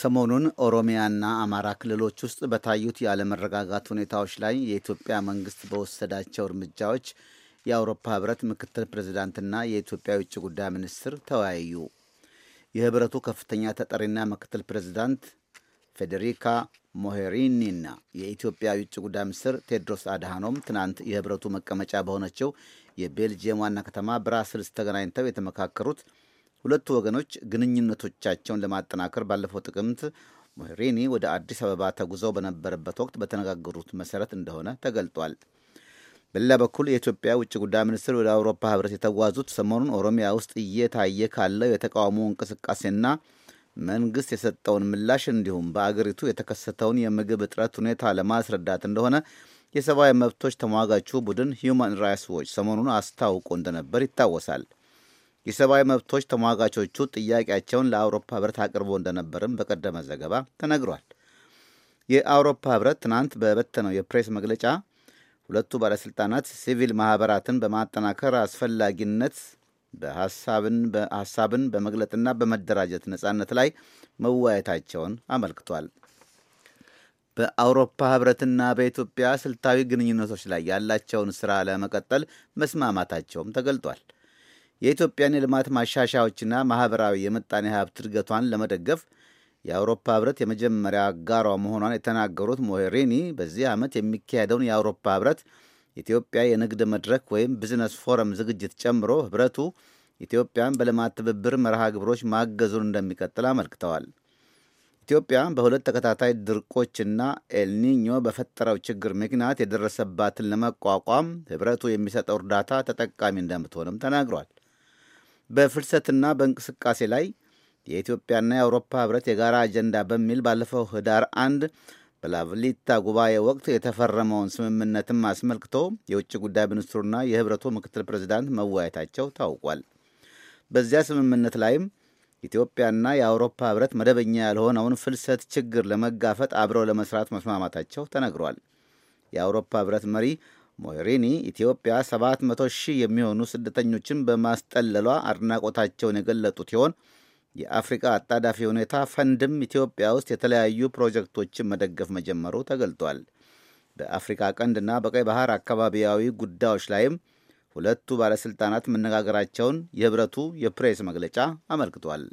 ሰሞኑን ኦሮሚያና አማራ ክልሎች ውስጥ በታዩት ያለመረጋጋት ሁኔታዎች ላይ የኢትዮጵያ መንግስት በወሰዳቸው እርምጃዎች የአውሮፓ ህብረት ምክትል ፕሬዚዳንትና የኢትዮጵያ የውጭ ጉዳይ ሚኒስትር ተወያዩ። የህብረቱ ከፍተኛ ተጠሪና ምክትል ፕሬዚዳንት ፌዴሪካ ሞሄሪኒና የኢትዮጵያ የውጭ ጉዳይ ሚኒስትር ቴድሮስ አድሃኖም ትናንት የህብረቱ መቀመጫ በሆነችው የቤልጅየም ዋና ከተማ ብራስልስ ተገናኝተው የተመካከሩት ሁለቱ ወገኖች ግንኙነቶቻቸውን ለማጠናከር ባለፈው ጥቅምት ሞሄሪኒ ወደ አዲስ አበባ ተጉዘው በነበረበት ወቅት በተነጋገሩት መሰረት እንደሆነ ተገልጧል። በሌላ በኩል የኢትዮጵያ ውጭ ጉዳይ ሚኒስትር ወደ አውሮፓ ህብረት የተጓዙት ሰሞኑን ኦሮሚያ ውስጥ እየታየ ካለው የተቃውሞ እንቅስቃሴና መንግስት የሰጠውን ምላሽ እንዲሁም በአገሪቱ የተከሰተውን የምግብ እጥረት ሁኔታ ለማስረዳት እንደሆነ የሰብአዊ መብቶች ተሟጋቹ ቡድን ሂዩማን ራይትስ ዎች ሰሞኑን አስታውቆ እንደነበር ይታወሳል። የሰብአዊ መብቶች ተሟጋቾቹ ጥያቄያቸውን ለአውሮፓ ህብረት አቅርቦ እንደነበርም በቀደመ ዘገባ ተነግሯል። የአውሮፓ ህብረት ትናንት በበተነው የፕሬስ መግለጫ ሁለቱ ባለሥልጣናት ሲቪል ማኅበራትን በማጠናከር አስፈላጊነት በሐሳብን በመግለጥና በመደራጀት ነጻነት ላይ መወያየታቸውን አመልክቷል። በአውሮፓ ህብረትና በኢትዮጵያ ስልታዊ ግንኙነቶች ላይ ያላቸውን ሥራ ለመቀጠል መስማማታቸውም ተገልጧል። የኢትዮጵያን የልማት ማሻሻያዎችና ማኅበራዊ የምጣኔ ሀብት እድገቷን ለመደገፍ የአውሮፓ ህብረት የመጀመሪያ አጋሯ መሆኗን የተናገሩት ሞሄሪኒ በዚህ ዓመት የሚካሄደውን የአውሮፓ ህብረት ኢትዮጵያ የንግድ መድረክ ወይም ቢዝነስ ፎረም ዝግጅት ጨምሮ ህብረቱ ኢትዮጵያን በልማት ትብብር መርሃ ግብሮች ማገዙን እንደሚቀጥል አመልክተዋል። ኢትዮጵያ በሁለት ተከታታይ ድርቆችና ኤልኒኞ በፈጠረው ችግር ምክንያት የደረሰባትን ለመቋቋም ህብረቱ የሚሰጠው እርዳታ ተጠቃሚ እንደምትሆንም ተናግሯል። በፍልሰትና በእንቅስቃሴ ላይ የኢትዮጵያና የአውሮፓ ህብረት የጋራ አጀንዳ በሚል ባለፈው ህዳር አንድ በላቭሊታ ጉባኤ ወቅት የተፈረመውን ስምምነትም አስመልክቶ የውጭ ጉዳይ ሚኒስትሩና የህብረቱ ምክትል ፕሬዚዳንት መወያየታቸው ታውቋል። በዚያ ስምምነት ላይም ኢትዮጵያና የአውሮፓ ህብረት መደበኛ ያልሆነውን ፍልሰት ችግር ለመጋፈጥ አብረው ለመስራት መስማማታቸው ተነግሯል። የአውሮፓ ህብረት መሪ ሞሄሪኒ ኢትዮጵያ 700 ሺህ የሚሆኑ ስደተኞችን በማስጠለሏ አድናቆታቸውን የገለጡት ሲሆን የአፍሪቃ አጣዳፊ ሁኔታ ፈንድም ኢትዮጵያ ውስጥ የተለያዩ ፕሮጀክቶችን መደገፍ መጀመሩ ተገልጧል። በአፍሪካ ቀንድና በቀይ ባህር አካባቢያዊ ጉዳዮች ላይም ሁለቱ ባለሥልጣናት መነጋገራቸውን የህብረቱ የፕሬስ መግለጫ አመልክቷል።